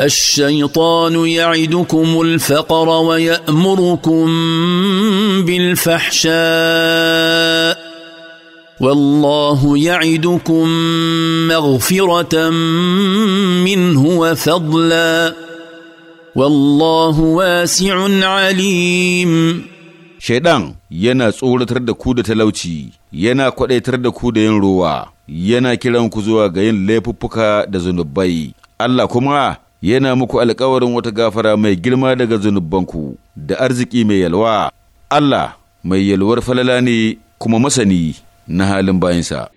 الشيطان يعدكم الفقر ويأمركم بالفحشاء والله يعدكم مغفرة منه وفضلا والله واسع عليم شيطان ينا سورة ترد كودة تلوتي ينا قد ترد كودة ينروا ينا كلام كزوا غين ليبو بكا دزنبي الله كمراه yana muku alkawarin wata gafara mai girma daga zunubanku da arziki mai yalwa, Allah mai yalwar falala ne kuma masani na halin bayansa.